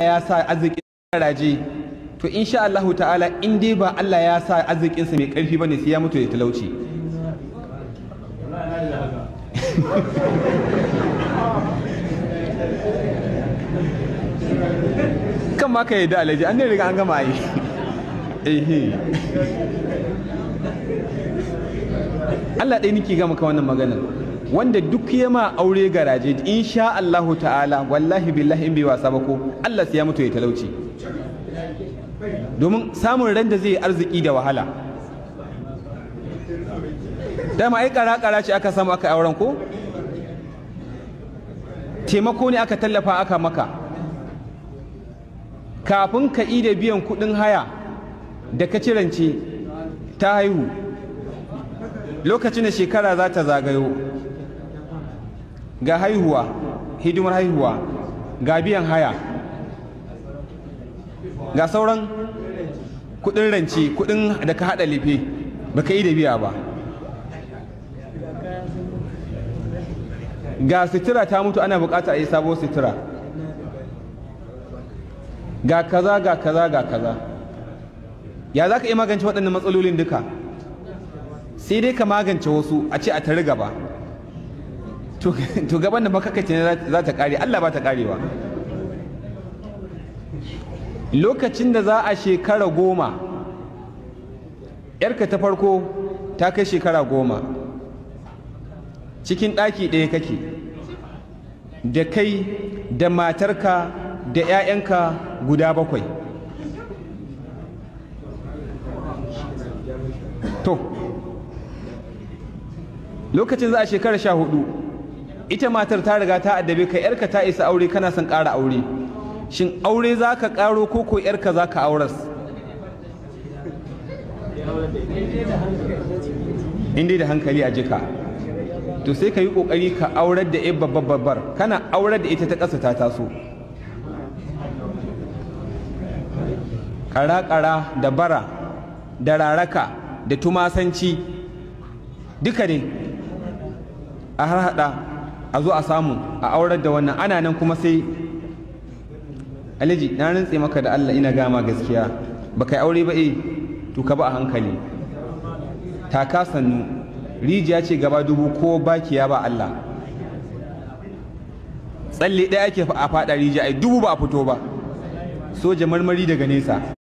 ya sa arzikin raje to insha Allah ta'ala in dai ba Allah ya sa arzikin sa mai karfi bane sai ya mutu da talauci kan ma ka yi da alaji an ne riga an gama yi ehe Allah ɗaya nake gama ka wannan maganar wanda duk ya ma aure garaje insha Allah ta'ala wallahi billahi in bai wasa ba ko Allah sai ya mutu ya talauci domin samun ran da zai arziki da wahala dama ai kara kara ce aka samu aka auren ko taimako ne aka tallafa aka maka kafin ka yi da biyan kudin haya da ka cirance ta haihu lokacin da shekara za ta zagayo ga haihuwa hidimar haihuwa ga biyan haya ga sauran kudin rance kudin da ka hada lefe ba ka yi da biya ba ga sitira ta mutu ana bukata a yi sabo sitira ga kaza ga kaza ga kaza ya za ka iya magance waɗannan matsalolin duka sai dai ka magance wasu a ce a tari gaba to gaban da makaka ce za ta kare Allah ba ta karewa lokacin da za a shekara goma yarka ta farko ta kai shekara goma cikin ɗaki ɗaya kake da kai da matarka da 'ya'yanka guda bakwai to lokacin za a shekara sha hudu ita matar ta riga ta addabe ka yarka ta isa aure kana son ƙara aure shin aure za ka ƙaro ko ko yarka za ka auras inda da hankali a jika to sai ka yi ƙoƙari ka aurar da ya babbar kana aurar da ita ta ƙasa ta taso ƙara-ƙara da bara da raraka da tumasanci duka ne a har haɗa a zo a samu a aurar da wannan ana nan kuma sai aliji na rantse maka da Allah ina gama gaskiya ba kai aure ba eh, to ka ba a hankali taka sannu rijiya ce gaba dubu ko bakiya ba Allah tsalle ɗaya ake a faɗa rijiya ai dubu ba a fito ba soja marmari daga nesa